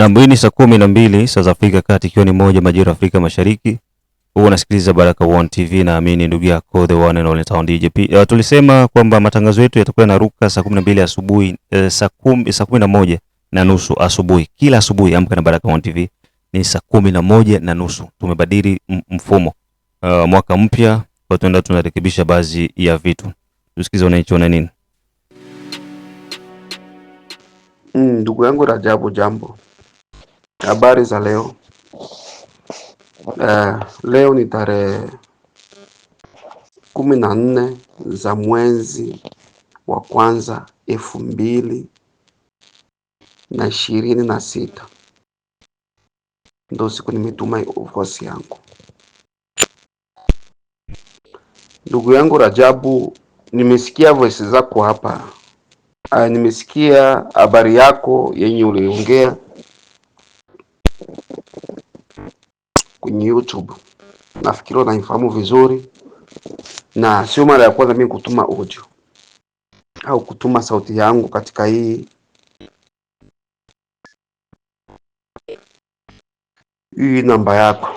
na mbili saa kumi na mbili saa za Afrika Kati, ikiwa ni moja majira ya Afrika Mashariki. Huwa unasikiliza Baraka One TV, naamini ndugu yako the one and only town DJ Uh, eh, tulisema kwamba matangazo yetu yatakuwa yanaruka saa mbili asubuhi, uh, saa kumi, saa kumi na moja na nusu asubuhi. Kila asubuhi amka na Baraka One TV ni saa kumi na moja na nusu. Tumebadili mfumo. Uh, mwaka mpya kwa tunaenda tunarekebisha baadhi ya vitu. Tusikize wananchi wana nini. Mm, ndugu yangu Rajabu, jambo Habari za leo. Uh, leo ni tarehe kumi na nne za mwezi wa kwanza elfu mbili na ishirini na sita ndo siku nimetuma vosi yangu. Ndugu yangu Rajabu, nimesikia voisi zako hapa. Uh, nimesikia habari yako yenye uliongea kwenye YouTube. Nafikiri naifahamu vizuri, na sio mara ya kwanza mimi kutuma audio au kutuma sauti yangu katika hii hii namba yako.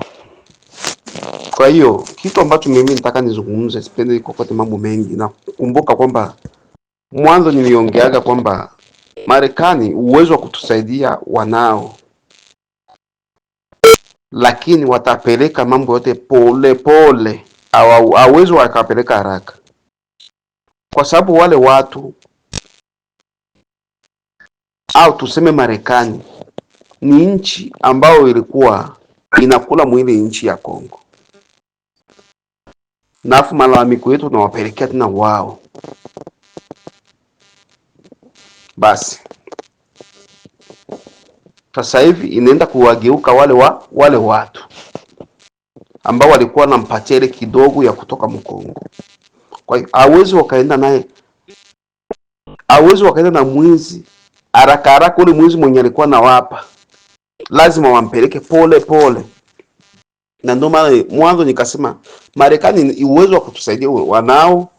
Kwa hiyo kitu ambacho mimi nataka nizungumze, sipendi kokote mambo mengi, na kumbuka kwamba mwanzo niliongeaga kwamba Marekani uwezo wa kutusaidia wanao lakini watapeleka mambo yote polepole, hawawezi wakapeleka haraka, kwa sababu wale watu au tuseme Marekani ni nchi ambayo ilikuwa inakula mwili nchi ya Kongo, na afu malalamiko yetu tunawapelekea tena wao. Basi sasa hivi inaenda kuwageuka wale wa wale watu ambao walikuwa na ile kidogo ya kutoka Mkongo. Kwa hiyo hawezi wakaenda naye, hawezi wakaenda na mwizi haraka haraka. Ule mwizi mwenye alikuwa nawapa lazima wampeleke pole pole, na ndio maana mwanzo nikasema Marekani uwezo wa kutusaidia wanao,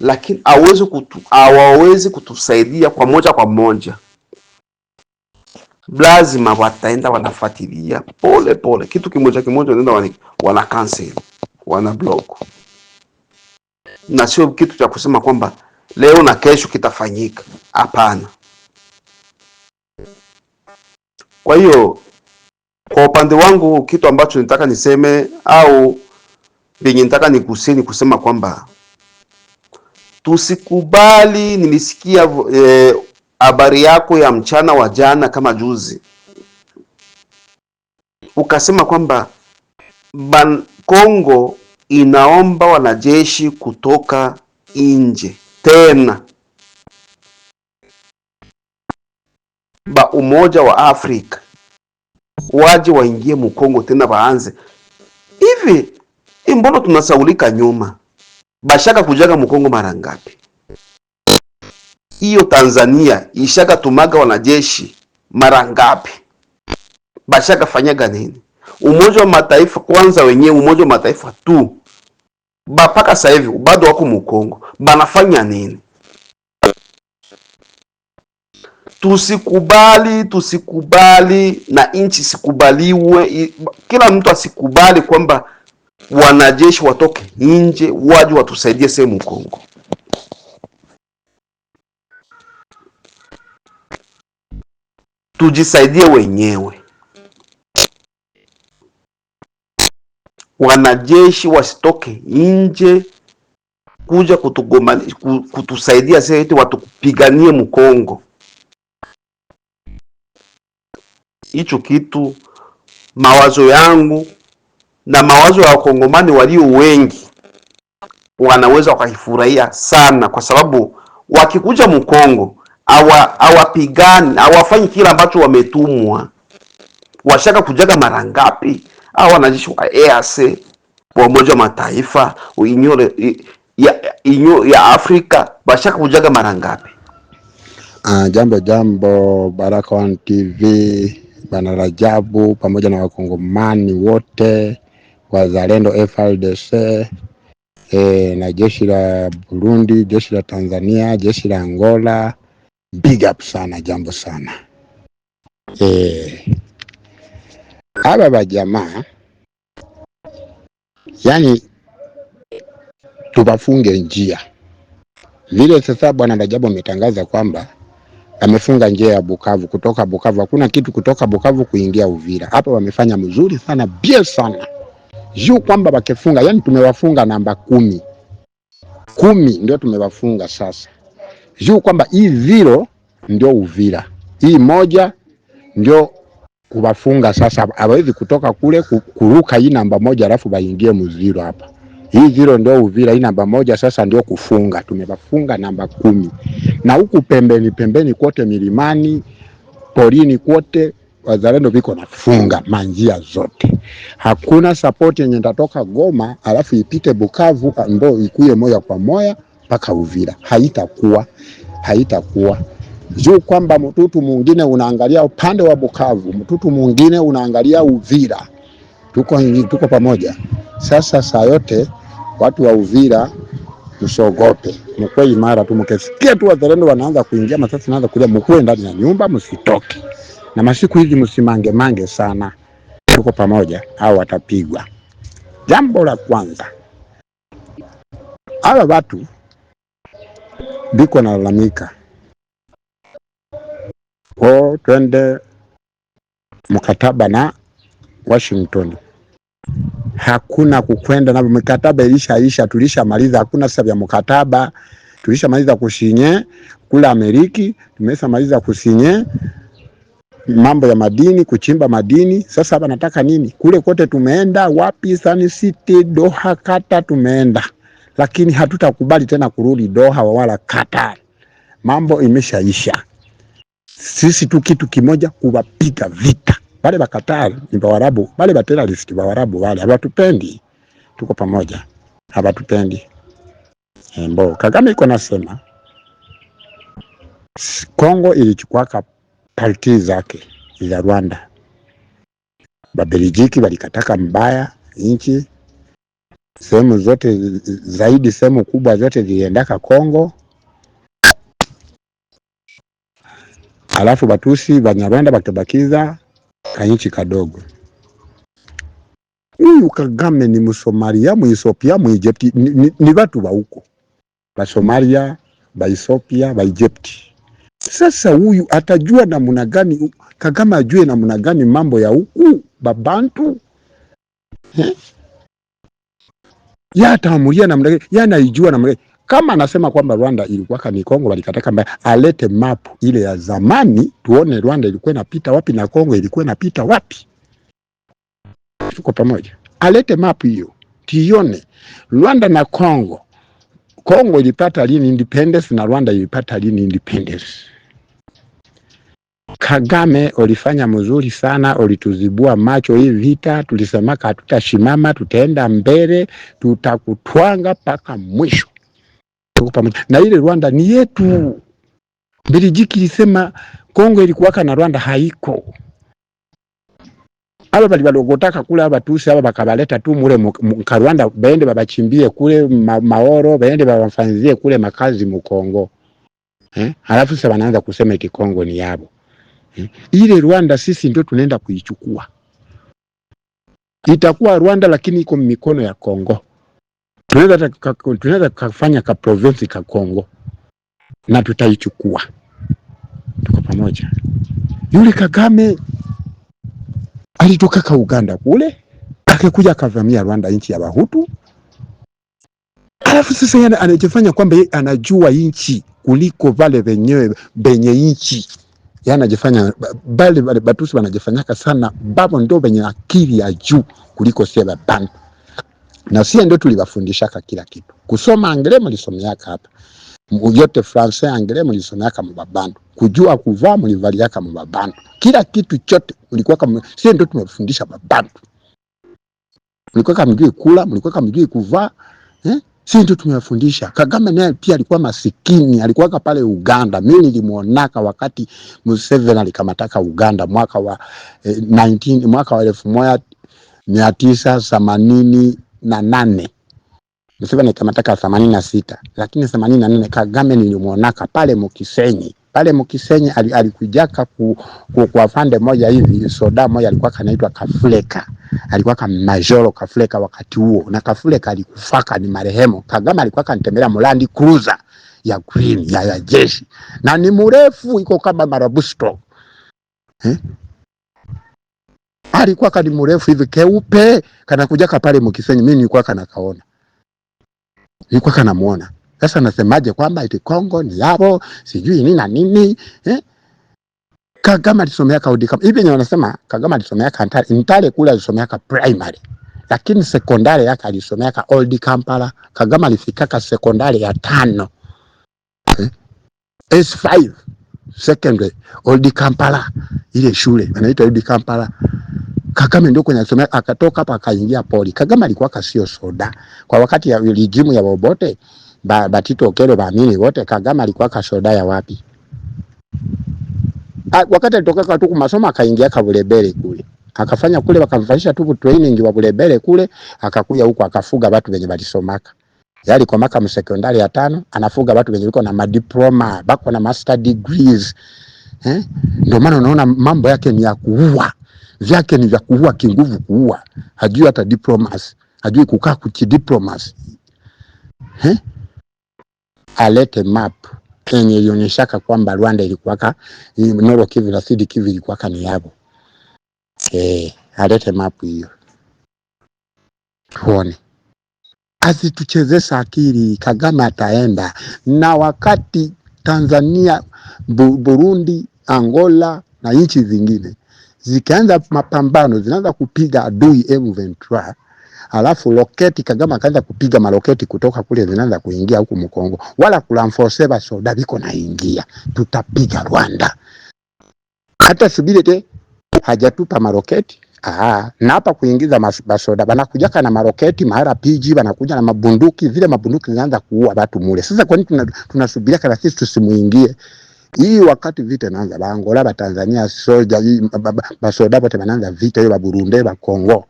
lakini hawezi kutu, hawawezi kutusaidia kwa moja kwa moja lazima wataenda wanafuatilia pole pole, kitu kimoja kimoja wanaenda wana cancel, wana block, na sio kitu cha kusema kwamba leo na kesho kitafanyika. Hapana. Kwa hiyo kwa upande wangu kitu ambacho nitaka niseme au venye nitaka nigusie ni kusema kwamba tusikubali, nilisikia eh, habari yako ya mchana wa jana kama juzi, ukasema kwamba Kongo inaomba wanajeshi kutoka nje tena ba Umoja wa Afrika waje waingie mukongo tena baanze hivi. Imbono tunasaulika nyuma, bashaka kujaga mukongo mara ngapi? hiyo Tanzania tumaga wanajeshi mara ngapi? Bashakafanyaga nini? Umoja wa Mataifa kwanza wenyewe Umoja wa Mataifa tu bapaka sasa hivi bado wako Mukongo, banafanya nini? Tusikubali, tusikubali na nchi sikubaliwe, kila mtu asikubali kwamba wanajeshi watoke nje waje watusaidie sehemu Kongo. tujisaidie wenyewe. Wanajeshi wasitoke nje kuja kutugoma, kutusaidia sisi eti watukupiganie Mkongo. Hicho kitu mawazo yangu na mawazo ya wakongomani walio wengi wanaweza wakaifurahia sana, kwa sababu wakikuja Mkongo hawapigani hawafanyi kile ambacho wametumwa. Washaka kujaga mara ngapi hawa wanajeshi wa EAC wa Umoja wa Mataifa inyore, ya, inyo, ya Afrika bashaka kujaga mara ngapi? Uh, jambo jambo, Baraka One TV Bana Rajabu pamoja na wakongomani wote wazalendo FRDC eh, na jeshi la Burundi, jeshi la Tanzania, jeshi la Angola big up sana, jambo sana eh, haba e, bajamaa yani tuwafunge njia vile. Sasa bwana Rajabu ametangaza kwamba amefunga njia ya Bukavu, kutoka Bukavu hakuna kitu, kutoka Bukavu kuingia Uvira. Hapa wamefanya mzuri sana bie sana juu kwamba wakifunga, yani tumewafunga namba kumi kumi, ndio tumewafunga sasa juu kwamba hii viro ndio Uvira, hii moja ndio kubafunga sasa, hawezi kutoka kule kuruka hii namba moja alafu baingie muziro hapa. Hii ziro ndio Uvira, hii namba moja sasa ndio kufunga, tumebafunga namba kumi, na huku pembeni pembeni kote milimani porini kote wazalendo viko nafunga manjia zote, hakuna sapoti yenye ndatoka Goma alafu ipite Bukavu, ndo ikuye moja kwa moya mpaka Uvira, haitakuwa haitakuwa juu kwamba mtutu mwingine unaangalia upande wa Bukavu, mtutu mwingine unaangalia Uvira. Tuko, tuko pamoja sasa. Saa yote watu wa Uvira msogope mkwe imara tu. Mkisikia tu wazalendo wanaanza kuingia masasi, naanza kulia, mkuwe ndani ya nyumba, msitoke na masiku hizi, msimange mange sana. Tuko pamoja, au watapigwa. Jambo la kwanza hawa watu biko nalalamika ko twende mkataba na Washington. Hakuna kukwenda na mkataba, ilishaisha, tulishamaliza. Hakuna sasa vya mkataba, tulishamaliza kusinye kula Ameriki, tumeshamaliza kusinye mambo ya madini, kuchimba madini. Sasa hapa nataka nini? Kule kote tumeenda wapi? Sun City, Doha, Kata, tumeenda lakini hatutakubali tena kurudi Doha wala Qatar. Mambo imeshaisha. Sisi tu kitu kimoja, kuwapiga vita wale wa Qatar ni ba Arabu, wale wa terrorist wa Arabu wale hawatupendi, tuko pamoja, hawatupendi. Embo eh, Kagame iko nasema Kongo ilichukua parti zake za Rwanda, Babeljiki walikataka mbaya nchi sehemu zote zaidi, sehemu kubwa zote ziliendaka Kongo, alafu Batusi Banyarwanda bakabakiza kanyichi kadogo. Huyu Kagame ni Musomalia Muisopia Muijepti ni, ni, ni batu Basomalia Baisopia Baijepti. Sasa huyu atajua namna gani? Kagame ajue namna gani mambo ya huku babantu eh? ya ataamulia namna gani, ya namna gani. Kama anasema kwamba Rwanda ilikuwa ni Kongo, walikataka mbaya, alete mapu ile ya zamani tuone Rwanda ilikuwa inapita wapi na Kongo ilikuwa inapita wapi. Tuko pamoja, alete map hiyo tione Rwanda na Kongo, Kongo ilipata lini independence na Rwanda ilipata lini independence. Kagame ulifanya mzuri sana, ulituzibua macho. Hii vita tulisemaka hatutashimama, tutaenda mbele, tutakutwanga mpaka mwisho. Na ile Rwanda ni yetu. Bilijiki ilisema Kongo ilikuwaka na Rwanda haiko aba bali balogotaka kule aba tusi aba bakabaleta tu mule Rwanda baende babachimbie kule ma, maoro baende babafanzie kule makazi mu Kongo eh? Alafu sasa wanaanza kusema iti Kongo ni yabo eh, Ile Rwanda sisi ndio tunaenda kuichukua, itakuwa Rwanda lakini iko mikono ya Kongo. Tunaweza tunaweza kufanya ka province ka Kongo na tutaichukua. Tuko pamoja. Yule Kagame alitoka ka Uganda kule akakuja akavamia Rwanda, nchi ya Bahutu. Alafu sasa anajifanya kwamba anajua nchi kuliko vale venyewe benye nchi yani anajifanya bali bali batusi wanajifanyaka sana, babo ndio wenye akili ya juu kuliko sie babantu, na sie ndio tuliwafundishaka kila kitu. Kusoma angele mlisomeaka hapa yote, francais angele mlisomeaka mbabantu, kujua kuvaa mlivaliaka mbabantu, kila kitu chote mlikuwa kama sie ndio tumefundisha babantu. Mlikuwa kama mjui kula, mlikuwa kama mjui kuvaa eh? si ndio tumewafundisha. Kagame naye pia alikuwa masikini, alikuwaka pale Uganda. Mimi nilimwonaka wakati Museveni alikamataka Uganda mwaka wa eh, 19 mwaka wa elfu moja mia tisa themanini na nane Museveni alikamataka themanini na sita lakini themanini na nane Kagame nilimwonaka pale Mukisenyi pale Mkisenye alikujaka ku, ku, kwa fande moja hivi soda moja alikuwa kanaitwa kafleka alikuwa kama majoro kafleka wakati huo, na kafleka alikufaka ni marehemu. Kagama alikuwa kanitembelea mulandi kruza ya green ya, ya jeshi na ni mrefu iko kama marabusto eh? Alikuwa kani mrefu hivi keupe kanakuja pale Mkisenye, mimi nilikuwa kanakaona, nilikuwa kanamuona. Sasa nasemaje kwamba eti Kongo ni yao sijui nini na nini eh? Kagame alisomea kaudi kama hivi, wanasema Kagame alisomea ka Ntale, Ntale kule, alisomea ka primary, lakini sekondari yake alisomea ka old Kampala. Kagame alifika ka sekondari ya tano eh? S5 secondary old Kampala, ile shule anaitwa old Kampala. Kagame ndio kwenye alisomea, akatoka hapa akaingia poli. Kagame alikuwa kasio soda kwa wakati ya ligimu ya Bobote ba, Batito Okelo Bamini wote Kagame alikuwa kashoda ya wapi? A, ah, wakati alitoka tu kumasomo akaingia kabulebele kule akafanya kule wakamfanyisha tu training wa bulebele kule, akakuja huko akafuga watu wenye walisomaka yali kwa maka msekondari ya tano, anafuga watu wenye liko na madiploma bako na master degrees eh. Ndio maana unaona mambo yake ni ya kuua, vyake ni vya kuua kinguvu, kuua hajui hata diplomas, hajui kukaa kuchi diplomas eh alete map enye ionyeshaka kwamba Rwanda ilikuwaka Noro Kivu na Sud Kivu ilikuwaka ni yabo. Eh, alete map hiyo tuone, asituchezesha akili. Kagame ataenda na wakati Tanzania, Burundi, Angola na nchi zingine zikianza mapambano, zinaanza kupiga adui M23 alafu roketi Kagama akaanza kupiga maroketi kutoka kule zinaanza kuingia huku Mkongo, wala kulamforce soda biko naingia, tutapiga Rwanda. Hata subiri te hajatupa maroketi Aha, na hapa kuingiza basoda banakujaka na maroketi mahara PG banakuja na mabunduki, zile mabunduki zinaanza kuua watu mule. Sasa kwa nini tunasubiria tuna, kana sisi tusimuingie hii wakati vita inaanza Bangola ba Tanzania soja hii basoda bote banaanza vita hiyo, ba Burundi ba Kongo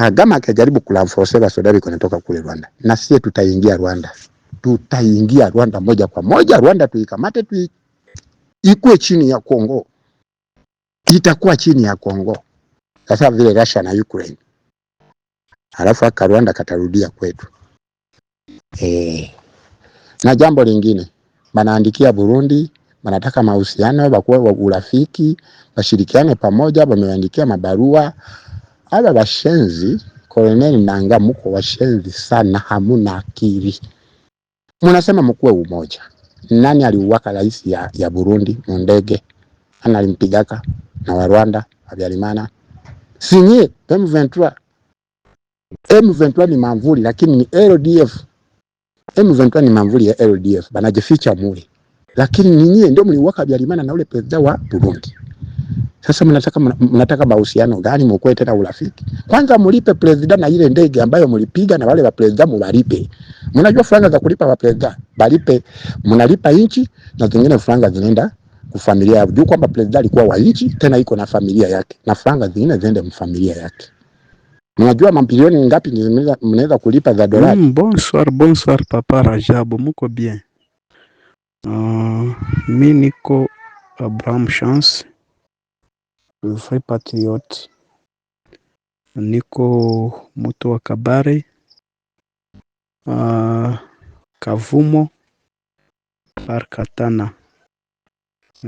Kagama akijaribu kulanforce Sudan inatoka kule Rwanda, na sisi tutaingia Rwanda, tutaingia Rwanda moja kwa moja. Rwanda tuikamate, tui ikue chini ya Kongo, itakuwa chini ya Kongo sasa vile Russia na Ukraine, alafu aka Rwanda katarudia kwetu e. Na jambo lingine manaandikia Burundi, banataka mahusiano, bakuwe urafiki, washirikiane pamoja, wameandikia mabarua Ala bashenzi, Koloneli Nanga, muko washenzi sana, hamuna akili. Munasema mkuwe umoja. Nani aliuwaka rais ya, ya Burundi mundege? Ana alimpigaka na wa Rwanda Habyarimana. Sinye M23. M23 ni mamvuli lakini ni LDF. M23 ni mamvuli ya LDF, banajificha muli. Lakini ninyi ndio mliuwaka Habyarimana na ule president wa Burundi. Sasa mnataka mnataka mahusiano gani? Mkoe tena urafiki? Kwanza mlipe president na ile ndege ambayo mlipiga na wale wa president mwalipe. Mnajua franga za kulipa wa president, balipe mnalipa inchi na zingine franga zinaenda kwa familia yao. Juu kwamba president alikuwa wa inchi tena iko na familia yake. Na franga zingine ziende mfamilia yake. Mnajua mabilioni ngapi mnaweza kulipa za dola? Mm, bonsoir, bonsoir Papa Rajabu, mko bien? Uh, ah, mimi niko Abraham Chance Free Patriot. Niko mutu wa Kabare uh, Kavumo par Katana,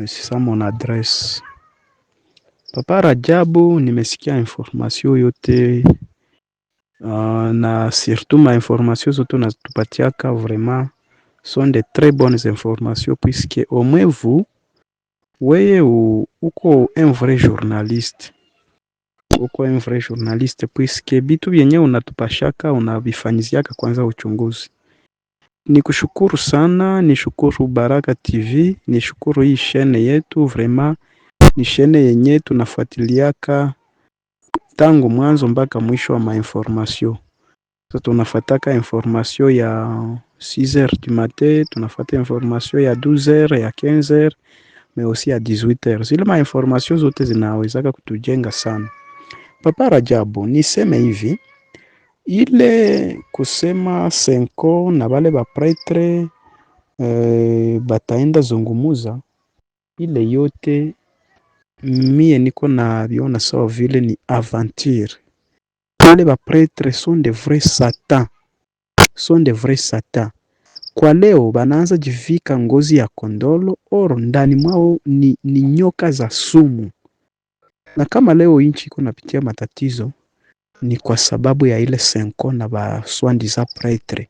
sisa mon adresse. Papa Rajabu, nimesikia information yote uh, na surtout ma information zote natupatiaka vraiment sont de très bonnes informations puisque au moins vous Weye uko un vrai journaliste, uko un vrai journaliste puisque bitu vyenye unatupashaka unavifanyiziaka kwanza uchunguzi. Ni kushukuru sana, ni shukuru Baraka TV, ni shukuru hii shene yetu. Vrema ni shene yenye tunafuatiliaka tangu mwanzo mpaka mwisho wa mainformasio. So, tunafataka informasio ya 6h du matin, tunafuata informasio ya 12h ya 15h me aussi à 18h. Zile information zote zinawezaka kutujenga sana. Papa Rajabu, niseme hivi ile kusema senko na bale bapretre e, euh, bataenda zungumuza ile yote, mie niko na viona sawa vile ni aventure. Bale bapretre sont de vrais satans, sont de vrais satans kwa leo banaanza jivika ngozi ya kondolo oro ndani mwao ni, ni nyoka za sumu. Na kama leo inchi iko napitia matatizo ni kwa sababu ya ile senko na baswandi za pretre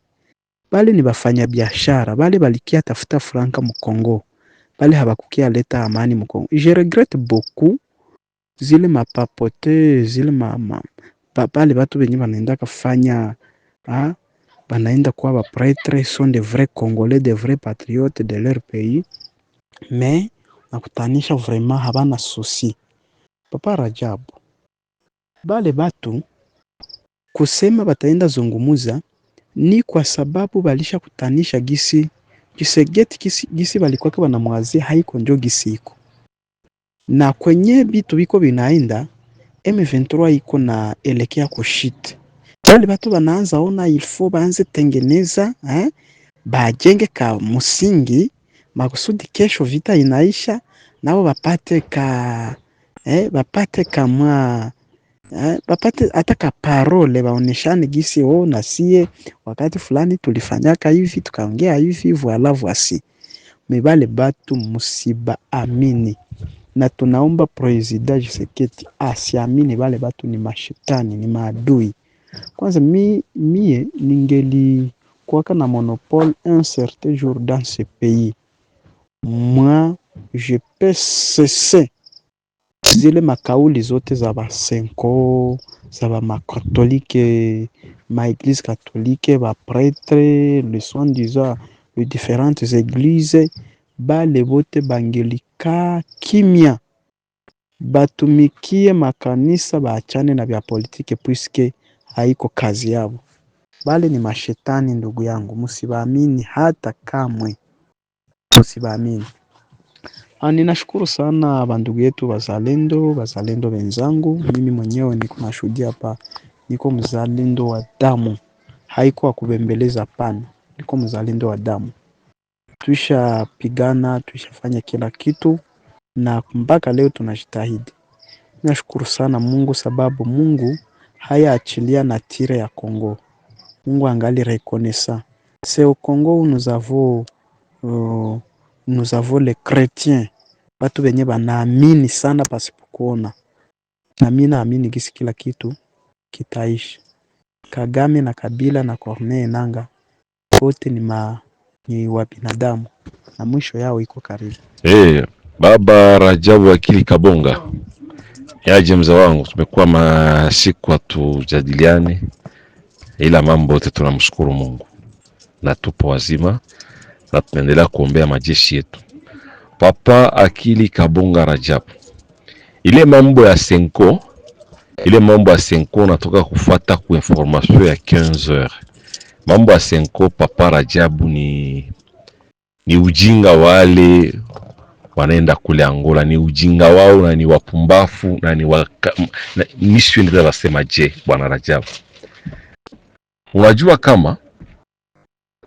bali ni bafanya biashara bale balikia tafuta franka mukongo bali habakukia leta amani mukongo. Je regrette beaucoup zile mapapote zile mama bali batu benye banaenda kafanya ha? Ah, banaenda kuwa ba prêtre sont de vrais congolais de vrais patriotes de leur pays mais nakutanisha vraiment habana souci papa Rajabu bale batu kusema bataenda zungumuza ni kwa sababu balisha kutanisha gisi kisegeti gisi, gisi balikuwa mwazi haiko njo gisi iko na kwenye bitu biko binaenda M23 iko na elekea kushite kandi watu wanaanza ona ilfo baanze tengeneza eh, bajenge ka musingi makusudi kesho vita inaisha nabo bapate ka eh, wapate kama eh, bapate hata ka parole baoneshane gisi o na sie wakati fulani tulifanyaka hivi tukaongea hivi voila voici. Mibale batu musiba amini na tunaomba President Tshisekedi asiamini, wale batu ni mashetani, ni maadui Kwanza mi mie ningelikuwaka na monopole un certain jour dans ce pays, moi je peux cesser zile makauli zote za basenko ma catholique, maeglise va bapretre le soin disant les différentes églises bale bote est kimia batumikie makanisa baachane na bya politike puisque haiko kazi yao bali ni mashetani. Ndugu yangu, msibaamini hata kamwe, msibaamini. Ah, ninashukuru sana bandugu yetu wazalendo, wazalendo wenzangu. Mimi mwenyewe niko nashuhudia hapa, niko mzalendo wa damu, haiko akubembeleza pana, niko mzalendo wa damu. tuishapigana tushafanya kila kitu na mpaka leo tunajitahidi. Nashukuru sana Mungu sababu Mungu haya achilia na tire ya Kongo Mungu angali reconnaissant c'est au Congo où nous avons uh, nous avons les chrétiens watu wenye banaamini sana pasipokuona, na mimi naamini gisi kila kitu kitaishi. Kagame na Kabila na Corneille nanga wote ni ma ni wa binadamu na mwisho yao iko karibu. Eh, hey, Baba Rajabu Akili Kabonga Yaje mzee wangu, tumekuwa masiku hatujadiliane, ila mambo yote tunamshukuru Mungu na tupo wazima na tunaendelea kuombea majeshi yetu. Papa akili kabonga Rajab, ile mambo ya senko, ile mambo ya senko natoka kufuata ku information ya 15 heures. Mambo ya senko, papa Rajabu, ni ni ujinga wale wanaenda kule Angola. Ni ujinga wao na ni wapumbafu na ni waka, na, Misri ndio Je, bwana Rajabu, unajua kama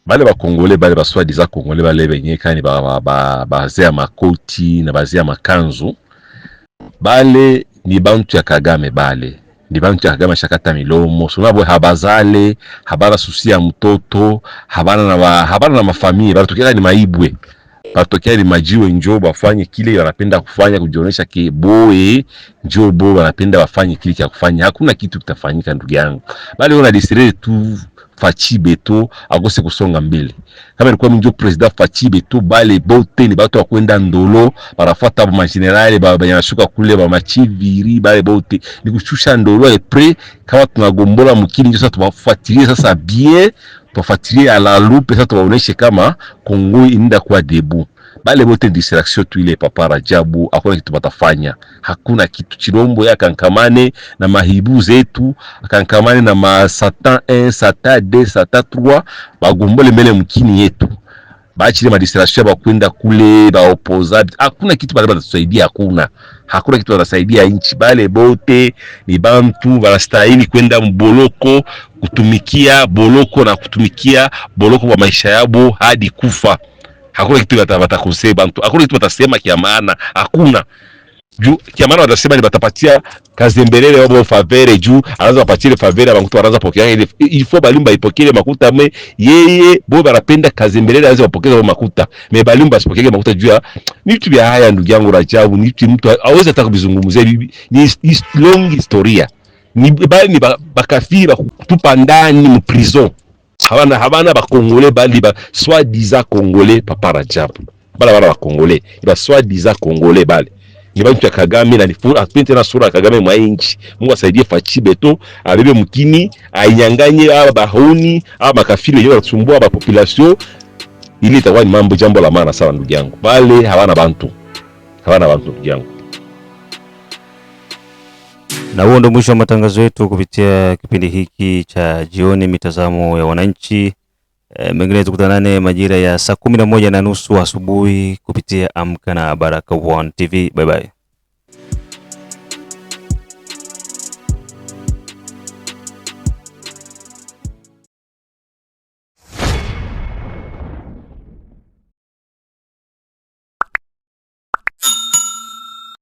bale bakongole bale baswadi za kongole bale benye kani bazea makoti na bazea makanzu bale ni bantu ya Kagame, bale ni bantu ya Kagame shakata milomo sunabwe, habazale habana susi ya mtoto habana na, habana na bale banatokea ni maibwe batokea limajiwe njo bafanye kile wanapenda kufanya, kujionesha ke boe njo bo wanapenda bafanye kile cha kufanya. Hakuna kitu kitafanyika ndugu yangu, bali wana desire tu Fachi Beto akose kusonga mbele. Kama ilikuwa mjo president Fachi Beto, bale bote ni bato wakwenda ndolo, barafata ba majenerali ba banashuka kule ba machiviri, bale bote ni kushusha ndolo. Epre eh, kama tunagombola mkili, ndio sasa tubafuatilie sasa bien tuwafuatilie ala lupe sasa, tuwaoneshe kama Kongo inaenda kuwa debu. Bale bote distraction tu ile Papa Rajabu, hakuna kitu batafanya, hakuna kitu. Chilombo ya akankamane na mahibu zetu, kankamane na masatan 1 satan 2 satan 3 bagombole mbele mkini yetu baachile madistraction bakwenda kule baopoza, hakuna kitu bale banatusaidia, hakuna hakuna kitu batasaidia nchi. Bale bote ni bantu banastahili kwenda mboloko kutumikia boloko na kutumikia boloko kwa maisha yabo hadi kufa. Hakuna kitu bantu, hakuna kitu batasema kia maana, hakuna juu kia maana wanasema ni batapatia kazi mbelele wabo favere juu anaanza kupatia ile favere bankuta wanaanza pokea ile ifo balimba ipokele makuta me yeye bo barapenda kazi mbelele anaweza kupokeza makuta me balimba asipokee makuta juu ya ni vitu haya ndugu yangu Rajabu, ni vitu mtu hawezi hata kuvizungumzia, ni long historia ni bali ni bakafiri ba kutupa ndani mu habana habana bakongole bali ba soi disant congolais papa Rajabu bala bala bakongole ba soi disant congolais bali Jamani, ya Kagame na nifu asipende tena sura ya Kagame mwa inchi. Mungu asaidie Fachi Beto abebe mkini, ainyanganye aba bahuni aba makafiri wenyewe wanasumbua ba population, ili itakuwa ni mambo jambo la maana sana, ndugu yangu. Wale hawana bantu, hawana bantu, ndugu yangu. Na huo ndio mwisho wa matangazo yetu kupitia kipindi hiki cha jioni, mitazamo ya wananchi. E, mengine tukutana naye majira ya saa kumi na moja na nusu asubuhi kupitia Amka na Baraka One TV. Bye bye.